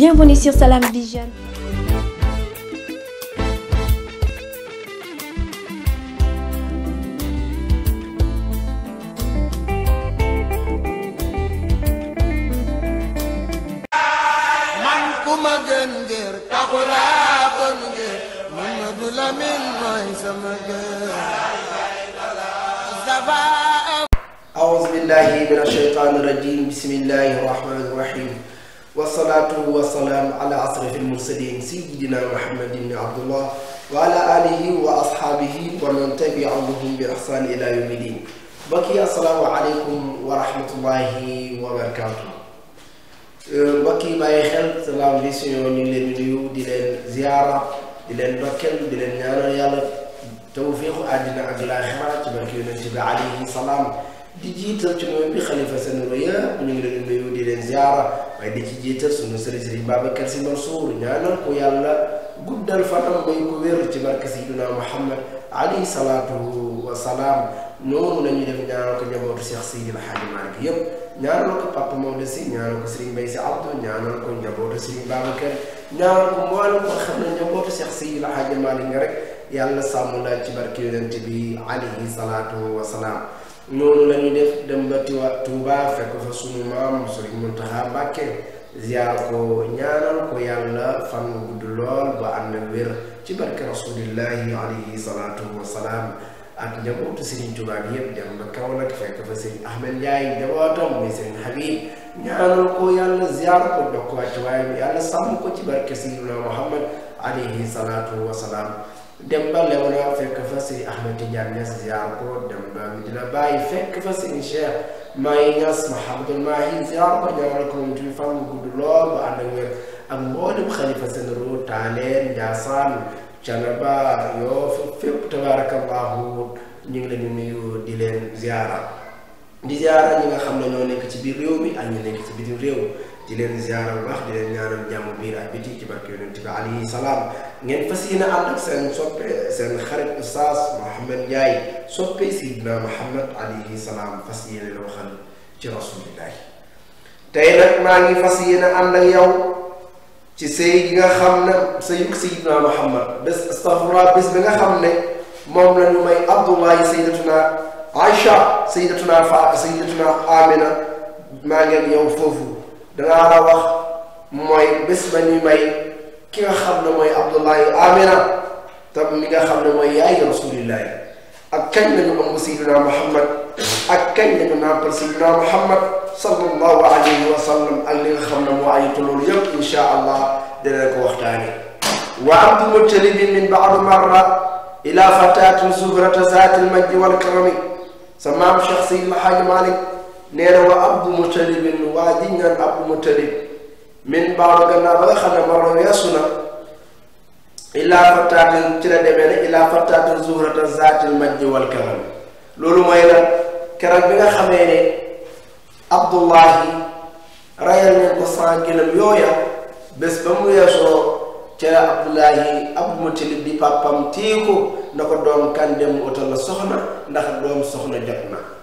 Bienvenue sur Salam Vision. أعوذ بالله من الشيطان الرجيم بسم الله الرحمن الرحيم wasalaatu wasalaam ala asrafil mursalin sayidina muhammadin abdullah wa ala alihi wa ashaabihi wa man tabiahum bi ihsan ila yawmi din mbokk yi asalaamu aleykum wa rahmatullahi wa barakatuh euh, mbokk yi bàyyi xel Salam Vision ñu ngi leen di nuyu di leen ziyaara di leen dokkeel di leen ñaanal yàlla tawfiixu àddina ak laaxira ci barke yonent bi alayhi salaam di jiital ci mooy bi xalifa seen roya ñu ngi leen di nuyu di leen ziyaara waaye di su jiital sunu sëriñ sëriñ Babacar Sy Mansour ñaanal ko yàlla guddal fanam bay ko wér ci barke Seydina Muhammad alayhi salaatu wa def ñaanal ko njabootu Cheikh Seydi El Hadji Malick yépp ñaanal ko Papa Maodo Sy ñaanal ko Serigne Mbaye Sy Abdou ñaanal ko njabootu Serigne Babacar ñaanal ko mboolem ko xam ne njabootu Cheikh Seydi El Hadji Malick nga rek yàlla sàmm la ci barke yonent bi alayhi salaatu wa noonu lañu def dem ba tiwa Tuuba fekk fa sunu maam Sëriñ Muntaxa Mbàkke ziyaar ko ñaanal ko yàlla fan nga gudd lool ba ànd ak wér ci alayhi salaatu wasalaam ak njabootu Sëriñ Tuuba bi yépp dem ba Kaolack fekk fa Sëriñ Ahmed Ndiaye njabootam muy Sëriñ Habib ñaanal ko yàlla ziyaar ko dokk wàcc waaye yàlla sàmm ko ci barke Sayyidina Muhammad alayhi salaatu wasalaam dem ba Léona fekk fa Sëriñ Ahmed Tidiane Niass ziar ko dem ba Medina Baye fekk fa Sëriñ Cheikh Mahi Niass Mahamadul Mahi ziar ko ñaanal ko mu tuuti fan mu gudd lool ba ànd ak wér ak mboolem xalifa généraux Taaleen Njaasaan Canaba Yoof fépp tabaarakallaahu ñu ngi leen di nuyu di leen ziara di ziara ñi nga xam ne ñoo nekk ci biir réew mi ak ñu nekk ci bitim réew di leen ziara bu baax di leen ñaanal jàmm biir ak biti ci barke yonent bi alayhi salaam ngeen fas yéene ànd seen xarit Oustaz Mouhamed Ndiaye soppe Sidna Mouhamed alayhi salaam fas yéene la waxal ci rasulillahi tey nag ngi fas yéene ànd ak yow ci sëy nga xam ne sëyug Sidna xam ne moom la ñu may Abdullahi sayyidatuna Aïcha sayyidatuna Fa sayyidatuna Amina maa ngeen yow danga war a wax mooy bés ba ñu may ki nga xam ne mooy Abdullahi Amina te mi nga xam ne mooy yaayu rasulillahi ak kañ la ñu ëmb Seydina Muhammad ak kañ la ñu nàmpal Seydina Muhammad sallallahu alayhi wa sallam ak li nga xam ne moo ayitu loolu yëpp incha allah dina ko waxtaanee. wa Abdul Muttalib min baadu marra ila fatatin zuhrata zaati almajdi walkarami sa maam Cheikh Seydi El Hadji Malick nee na wa abdu mutalibin waa ji ñaan abdu mutalib min baaro gannaaw ba nga xam ne marra weesu na illaa fattaatin ci la demee ne illaa loolu mooy la bi nga xamee ne abdullahi rayal nañ ko san gëlëm yooya bés ba mu weesoo ca abdullahi abdu mutalib di pàppam téye ko na doom kan dem wutal la soxna ndax doom soxna jot na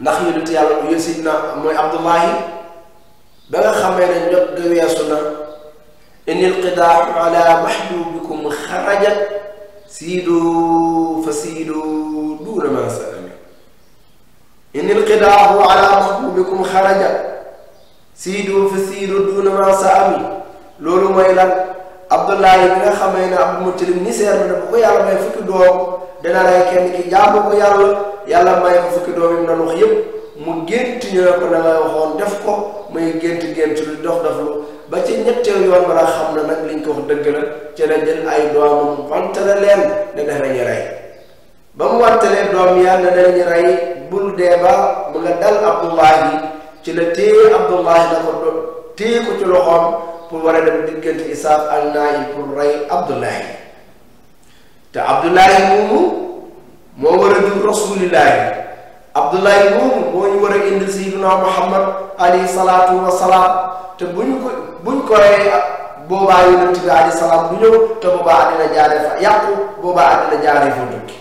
ndax yonent yàlla yooyu sidna mooy abdullahi ba nga xamee ne njot ga weesu na inil qidaa ala mahbubikum xarajat siidu fa siidu duuna ma salami inil qidaa ala mahbubikum xarajat siidu fa siidu duuna ma salami loolu mooy lan Abdullahi bi nga xamee ne Abdul Mutalib ni seer na dafa ko yàlla may fukki doom dana rey kenn ki jaamu ko yàlla yàlla may ko fukki doom yi mu doon yëpp mu gént ñu ne ko da nga def ko muy gént gént lu dox daf lu ba ci ñetteel yoon balaa xam ne nag liñ ko wax dëgg la ci la jël ay doomam wantale leen ne danañu rey ba mu wantalee doom ya ne danañu rey bul dee ba mu nga dal Abdullahi ci la téye Abdullahi la ko téye ko ci loxoom. pour war a dem diggante Isaaf ak Naay pour rey Abdullahi te Abdullahi moomu moo war a jur rasulillahi Abdullahi moomu moo ñu war a indil sayyiduna Muhammad alayhi salaatu wa te buñ ko buñ ko rey boobaa yonent bi alayhi salaam bu ñëw te boobaa àddina jaaree fa yàqu boobaa àddina jaaree fa dukki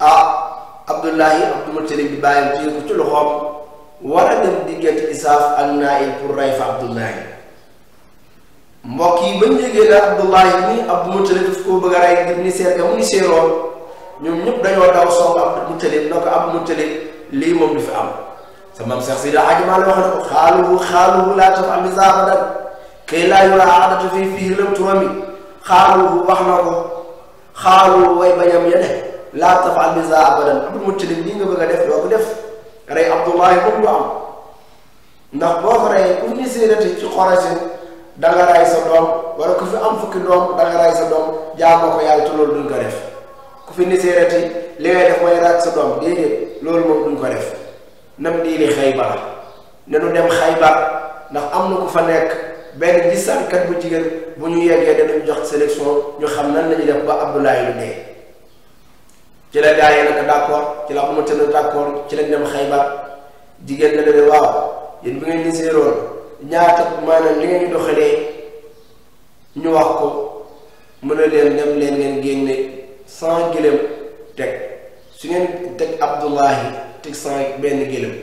ah Abdullahi Abdul Mutalib bi bàyyam téye ko ci loxoom. war a dem diggante Isaaf ak Naayil pour rey fa Abdullahi mbokk yi ba yégee la Abdullahi ni Abdu Mutalib daf koo bëgg a rey ngir ni seet ga mu ngi seeroon ñoom ñëpp dañoo daw song Abdu Mutalib na ko Abdu Mutalib lii moom du fi am sama sa maam Seex Sidi Haaji Maalik wax na ko xaaluhu xaaluhu laa taf'al izaa ghadan kay laa yuraa aadatu fii fiihi lam turami xaaluhu wax na ko xaaluhu way bañam ya de laa taf'al izaa abadan Abdu Mutalib lii nga bëgg a def def rey Abdullahi moom du am ndax boo ko reyee ku ñu ci xorasi da nga ray sa doom wala ku fi am fukki doom da nga ray sa doom jaamoo ko yàlla te loolu duñ ko def ku fi niséerati li ngay def mooy raaj sa doom déedéet loolu moom duñ ko def nam diili Xaybar ne nu dem Xaybar ndax am na ku fa nekk benn gisaankat bu jigéen bu ñu yeggee danañ jox sélection ñu xam nan la ñuy def ba Abdullahi lu ci la gaa yi nag d'accord ci la xamante ne d'accord ci lañ dem Xaybar jigéen na dane waaw yéen bi ngeen ñu séeroon ñaata maanaam li ngeen doxalee ñu wax ko mën a leen dem leen ngeen génne cent gëlëm teg su ngeen teg Abdullahi teg cent benn gëlëm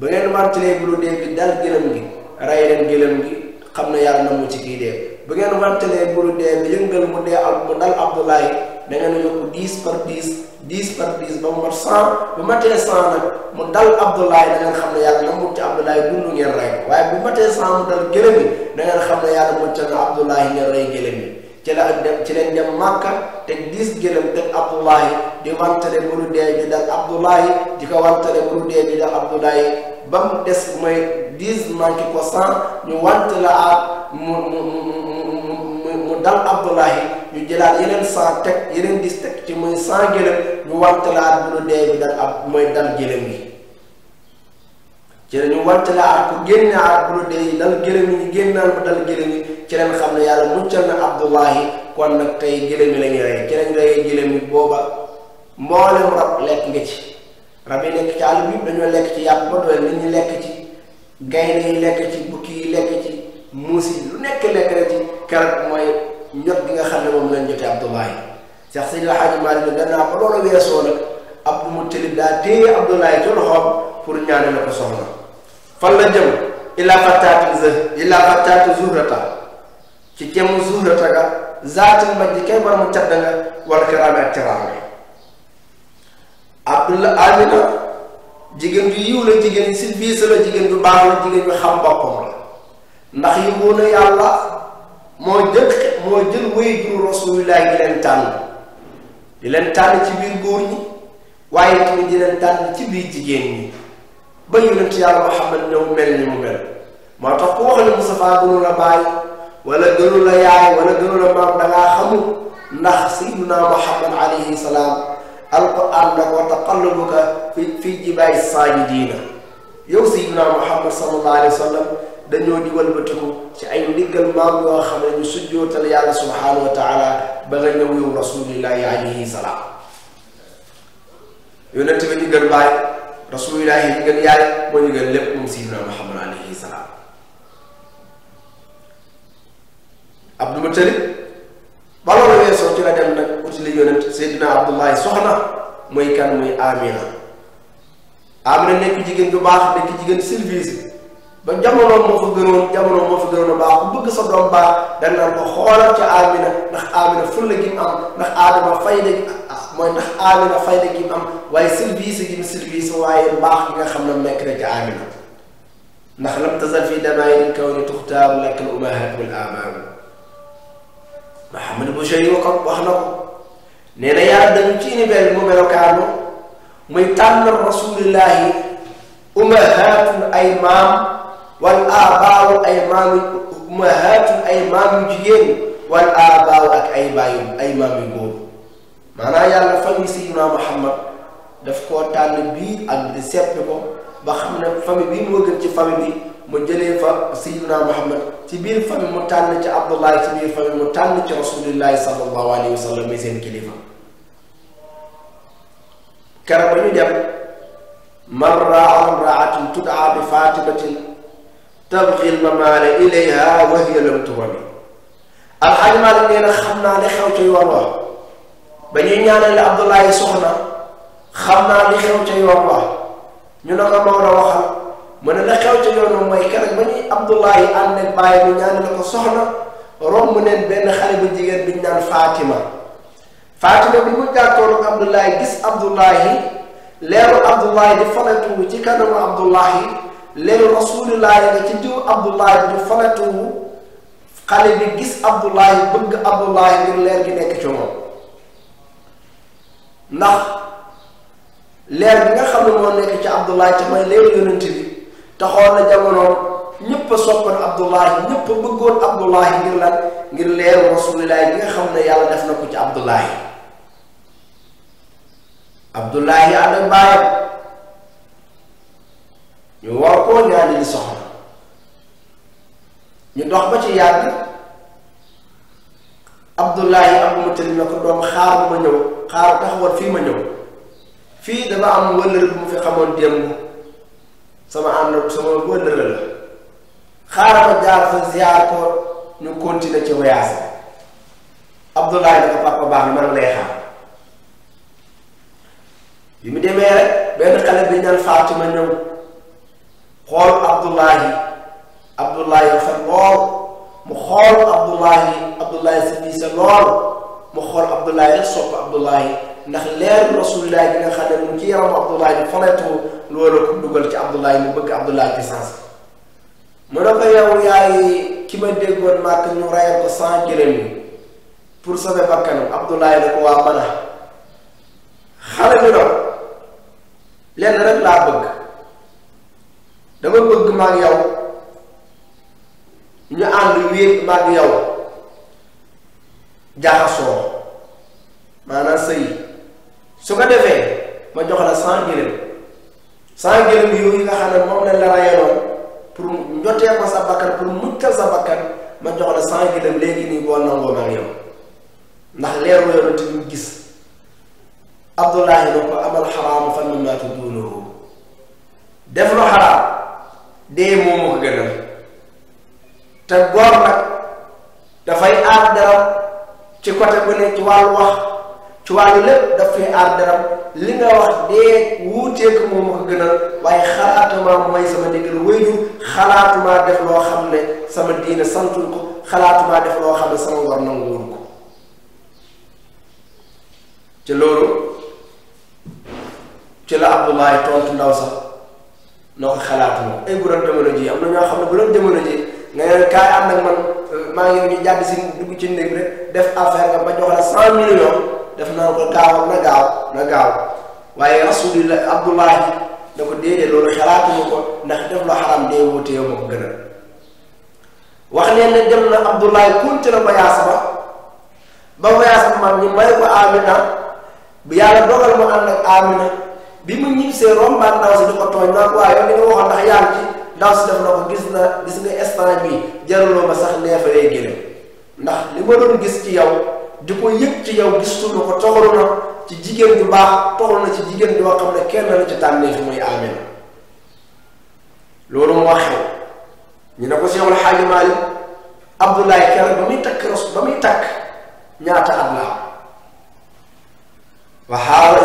ba ngeen wantelee bu lu dee bi dal gëlëm gi rey leen gëlëm gi xam na yàlla na mu ci kii ba ngeen wantelee bu lu dee bi yëngal mu dee mu dal Abdullahi da ngeen a yokk dix par dix dix par dix ba mu mat cent bu matee cent nag mu dal Abdoulaye da ngeen xam ne yàlla na mu ci Abdoulaye dund ngeen rey waaye bu matee cent mu dal gëlëm yi da xam ne yàlla mu ca na Abdoulaye ngeen rey gëlëm yi ci la dem ci leen dem Màkka teg dix gëlëm teg Abdoulaye di wantale bu nu dee dal Abdoulaye di ko wantale bu nu dee bi dal Abdoulaye ba mu des mooy dix manqué ko cent la ak mu ñu jëlaat yeneen cent teg yeneen dix teg ci muy cent gëlëm ñu wantalaat bu nu dee bi dal ab mooy dal gëlëm yi ci la ñu wantalaat ku génne at bu nu dee yi dal gëlëm yi ñu génnaan bu dal gëlëm yi ci leen xam ne yàlla muccal na Abdullahi kon nag tey gëlëm yi la ñuy rey ci lañ reyee gëlëm yi booba mboolem rab lekk nga ci rab yi nekk ci àll bi dañoo lekk ci yàpp ba doy nit ñi lekk ci gaynde yi lekk ci bukki yi lekk ci muus yi lu nekk lekk na ci mooy ñot gi nga xam ne moom lañ jotee Abdoulaye Cheikh Seydil Hadji Malick ne danaa ko loolu weesoo nag Abdou Moutalib daa téye Abdoulaye ci loxoom pour ñaane la ko soxna fan la jëm ila fatati z ila fatati zuhrata ci kem zuhrata ga zaatin ba ji kay baramu cadda nga wala kiraame ak kiraame Abdoulaye Amina jigéen ju yiw la jigéen si biis la jigéen ju baax la jigéen ju xam boppam la ndax yëgoon na yàlla moo jël moo jël wéy juru rasulillahi di leen tànn di leen ci biir góor ñi waaye tamit di leen tànn ci biir jigéen ñi ba yonent yàlla Muhammad ñëw mel ni mu mel moo tax ku wax ne Mustafa la bàyyi wala gënu la yaay wala gënu la maam da ngaa xamul ndax sayyiduna Muhammad alayhi salaam alquran da ko taqallubuka fi fi jibaay saajidiina yow sayyiduna Muhammad sallallahu alayhi wa sallam dañoo di walbatiku ci ay ndiggal maam yoo xam ne ñu sujjootal yàlla subhaanahu wa taala ba nga ñëw yow rasulillahi alayhi salaam yonent bi ñu gën baay rasulillahi ñu gën yaay moo ñu gën lépp Muhammad alayhi soxna mooy kan muy Amina Amina nekk jigéen bu baax nekk jigéen service ba jamono moo fa gënoon jamono moo fa gënoon a baax ku bëgg sa doom baax dañ naan ko xoolal ca Amina ndax Amina fulla gi am ndax Adama fayda gi ah, ah, am waaye service gi mu service waaye mbaax gi nga xam ne nekk na ca Amina ndax na tazal fi damaayil kawni tuxtaaru lak al umahat wal abaab Mahamad Bouchayri ko wax na ko nee na yàlla dañu ci ni mu melokaanu muy tànnal rasulillahi umahatul ay maam wal aabaawu ay maam yu ummahaatu ay maam yu wal aabaawu ak ay baayu ay maam yu góor maanaam yàlla famille Seydina Muhammad daf koo tànn bii ak di seppi ko ba xam ne famille bii moo gën ci famille bi mu jëlee fa Seydina Muhammad ci biir famille mu tànn ci Abdullahi ci biir famille mu tànn ci rasulillahi sallallahu alayhi wa sallam mi seen kilifa kara ba ñu dem man raa imra'atan tud'a bi Fatimatin tabqi lmamaala ilayha wa hiya lam turami alxaaj Maalik nee na xam naa li xew ca yoon wax ba ñuy ñaanale Abdullahi soxna xam naa li yoon wax ñu ne ko Maodo waxal mu ne la xew yoon mooy keroog ba ñuy Abdullahi ànd ak bàyyi ñu ñaanale ko soxna romb neen benn xale bu jigéen bi ñu naan Fatima Fatima bi mu jàkkoon Abdullahi gis Abdullahi leeru Abdullahi di falatuwu ci kanamu Abdullahi léegi rasulullahi nga ci diw abdullahi ñu fanatuwu xale bi gis abdullahi bëgg abdullahi ngir leer gi nekk ci moom ndax leer bi nga xam ne moo nekk ci abdullahi te may leeru yonent bi taxoon na a soppoon abdullahi ñépp a bëggoon abdullahi ngir lan ngir leeru rasulullahi bi nga xam ne yàlla def na ko ci abdullahi abdullahi ànd ak baayam ñu war koo ñaanali soxla ñu dox ba ci yàgg Abdullahi Abu Mutalib na ko doom xaar ma ñëw xaar taxawal fii ma ñëw fii dama am wëllër bu mu fi xamoon démb sama ànd sama wëllër la xaar ma jaar fa ziar ñu continuer ci voyage Abdullahi dafa papa baax na man lay xaar bi mu demee rek benn xale bi ñaan Fatima ñëw xool abdullahi abdullahi sa lool mu xool abdullahi abdullahi sa bii sa lool mu xool abdullahi rek sopp abdullahi ndax leer rasulillahi bi nga xam ne mu ngi ci yaram abdullahi bi fanetu loolu ko ci abdullahi mu bëgg abdullahi ci sens mu ne ko yow yaay ki ma déggoon màkk ñu reyal ko sans jërëm yi pour sauver bakkanam abdullahi ne ko waa mën a xale bi doon bëgg dama bëgg maag yow ñu ànd wéet maag yow jaxasoo maanaam sëy su ko defee ma jox la cent gëlëm cent gëlëm yooyu nga xam moom lañ la rayaloon pour njotee ko sa bakkan pour muccal sa bakkan ma jox la cent léegi nii boo nangoo maag yow ndax leeru yonent ñu gis Abdullahi na ko amal xaraamu fan mu naatu duunahu def lu xaraam dee moom moo ko gënal te góor nag dafay aar daram ci côté bu ne ci wàllu wax ci wàllu lépp dafay aar daram li nga wax dee wuuteeku moom moo ko gënal waaye xalaatuma mooy sama ndigal wéyu xalaatuma def loo xam ne sama diine santul ko xalaatuma def loo xam ne sama ngor nanguwul ko ci loolu ci la Abdoulaye tontu ndaw sax noo ko xalaatuma ay bu doon jamono ji am na ñoo xam ne bu doon jamono ji nga ne kaay ànd ak man euh, maa ngi ñu jàdd si dugg ci néeg rek def affaire nga ba jox la cent millions def naa ko gaaw na gaaw na gaaw waaye rasulillah abdullahi da ko déedéet loolu xalaatuma ko ndax def la xaram dee wutee ma ko gën wax leen ne dem na abdullahi kunte na voyage ba ba voyage ba man ñu may ko amina bu yàlla dogal mu ànd ak amina bi mu ñibbisee rombaat ndaw si di ko tooñ naan waaye yow li ndax yaa ci ndaw si def na ko gis na gis nga instant bi jaruloo ma sax neefaree gëlëm ndax li ma doon gis ci yow di ko yëg ci yow gisuma ko toxalu na ci jigéen ju baax toxalu na ci jigéen joo xam ne kenn la ci tànnee fi muy amin loolu moo xew ñu ne ko Seexul Xaaji Maalik Abdoulaye Kër ba ba muy takk ñaata at la wa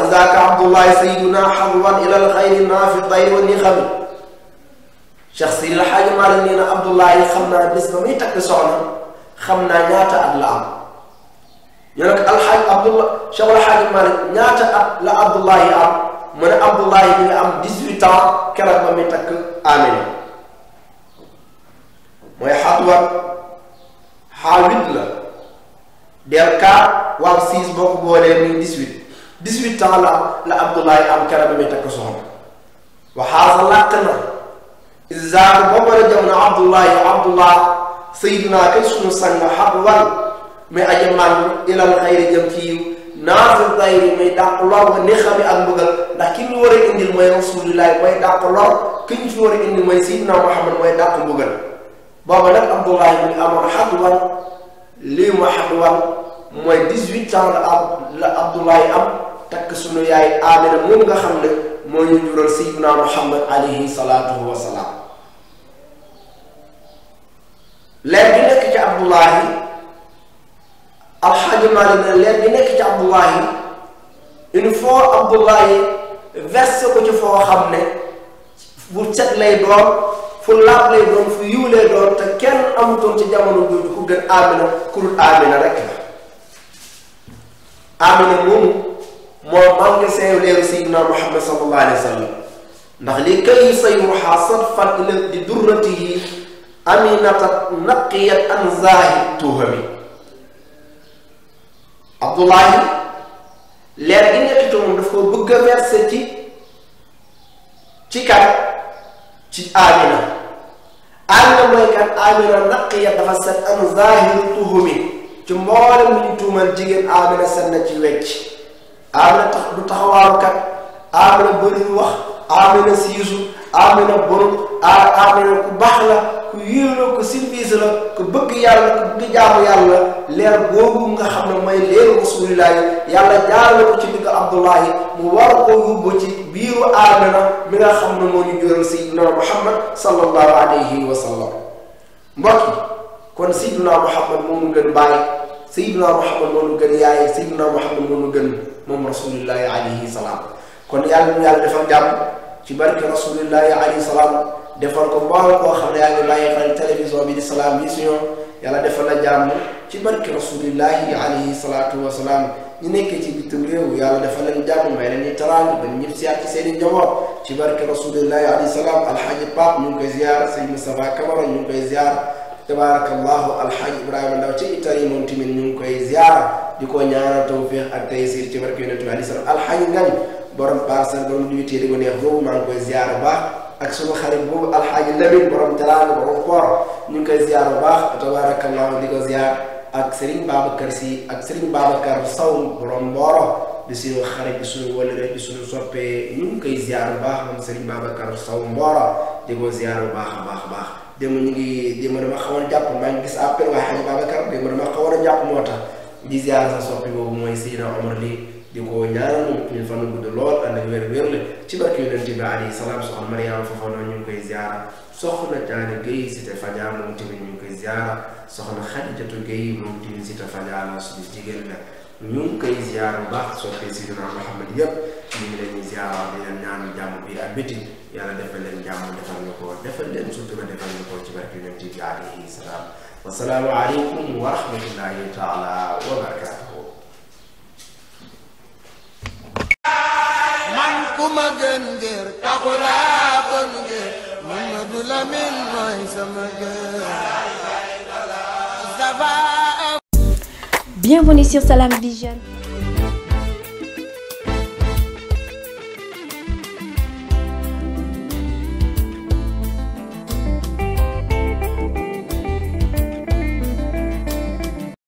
zaaka Abdoulaye Seydou man ilal xayri naafi day wa ni xami Cheikh Sidil Hadji Malick nee na Abdoulaye xam naa bis ba muy takk soxna xam naa ñaata at la am ñu ne ko alxaaj Abdoulaye Cheikh El Hadji Malick ñaata at la Abdoulaye am mu ne Abdoulaye mi ngi am dix-huit ans keroog ba muy takk Amina mooy xatuwat xaawit la del quatre waaw six boo ko boolee muy dix-huit dix-huit ans la am la Abdoulaye am keroog bi muy takk soxna waxaasa làkk na izaaru boobu la jëm na Abdoulaye Seydina kay sunu sang xabwal mi aji man ilal xayri jëm ci yiw naasi dayri may dàq lor ni xami ak mbugal ndax ki ñu war mooy rasulillahi mooy dàq lor ki ñu fi war a mooy Seydina Muhammad mooy dàq mbugal booba nag Abdoulaye mi amoon xabwal lii ma xabwal mooy dix-huit ans la ab am takk sunu yaay Amina moom nga xam ne moo ñu jural Seydina Muhammad alayhi salaatu wa leer bi nekk ci Abdoulaye Alxaaji Maalik ne leer bi nekk ci Abdoulaye il faut Abdoulaye verse ko ci foo xam ne bu set lay doon fu laab lay doon fu yiw lay doon te kenn amutoon ci jamono jooju ku gën Amina ku Amina rek amana moomu moo magasin leeru sayyidina Muhammad sallallahu alayhi wa sallam ndax li kay sayruha sarfan len di durratihi aminata naqiyat an zaahi tuhami Abdullahi leer gi nekk ci moom daf ko bëgg a verser ci ci kat ci amina amina mooy kat amina naqiyat dafa set an zaahi tuhami ci mboolem lu ñu tuumal jigéen Amina set na ci wecc Amina tax du taxawaarukat Amina bëriñ wax Amina siisu Amina bon Amina ku baax la ku yéenoo ku service la ku bëgg yàlla ku bëgg jaamu yàlla leer googu nga xam ne mooy leeru rasuulillaahi yàlla jaarale ko ci digg Abdullahi mu war ko yóbbu ci biiru Amina mi nga xam ne moo ñu jural sayyidina Muhammad sallallahu alayhi wa sallam mbokk kon Seydina Muhammad moo nu gën bàyyi Seydina Muhammad moo nu gën yaay Seydina Muhammad moo nu gën moom rasulillahi alayhi salaam kon yàlla nu yàlla defal jàmm ci barke rasulillahi alayhi salaam defal ko mbooloo koo xam ne yaa bi di Salam Vision yàlla defal la jàmm ci barke rasulillahi alayhi salaatu wa ñu nekkee ci bitim réew yàlla defal leen jàmm may leen ñu taraal ba ñëpp siyaat ci seen i ci barke rasulillahi alayhi salaam alxaaji Pape ñu ngi koy ziar sëñ Moustapha tabarakallahu alxaaj ibrahima ndaw ci itali moom tamit ñu ngi koy ziara di ko ñaanal tawfiq ak taysir ci barke yonent bi aleyhi di ko neex boobu maa koy ziara baax ak sunu xarit boobu alxaaji lamin borom talaal borom koor ñu ngi koy ziara baax tabarakallahu di ko ak Serigne si ak Serigne Babacar Sow borom mbooro di suñu xarit baax moom Serigne baax a baax a baax démb ñu ngi démb dama a jàpp maa ngi gis appel dama xawoon a jàpp moo tax di koy ziar soxna Diané Guèye Cité Fadia moom tamit ñu la suñu jigéen la ñu koy ziar bu soppi Seydina Muhammad yëpp ñu ngi leen di ziar di leen jàmm bi ak bitti. yàlla defal leen jàmm defal ñu ko defal leen sutura defal ñu ko ci barke yonent bi alayhi salaam wasalaamu aleykum wa rahmatullahi taala wa barakatuhu man ku ma gën ngir taxulaa bon ngir Mamadou Lamine mooy sama gën Bienvenue sur Salam Vision.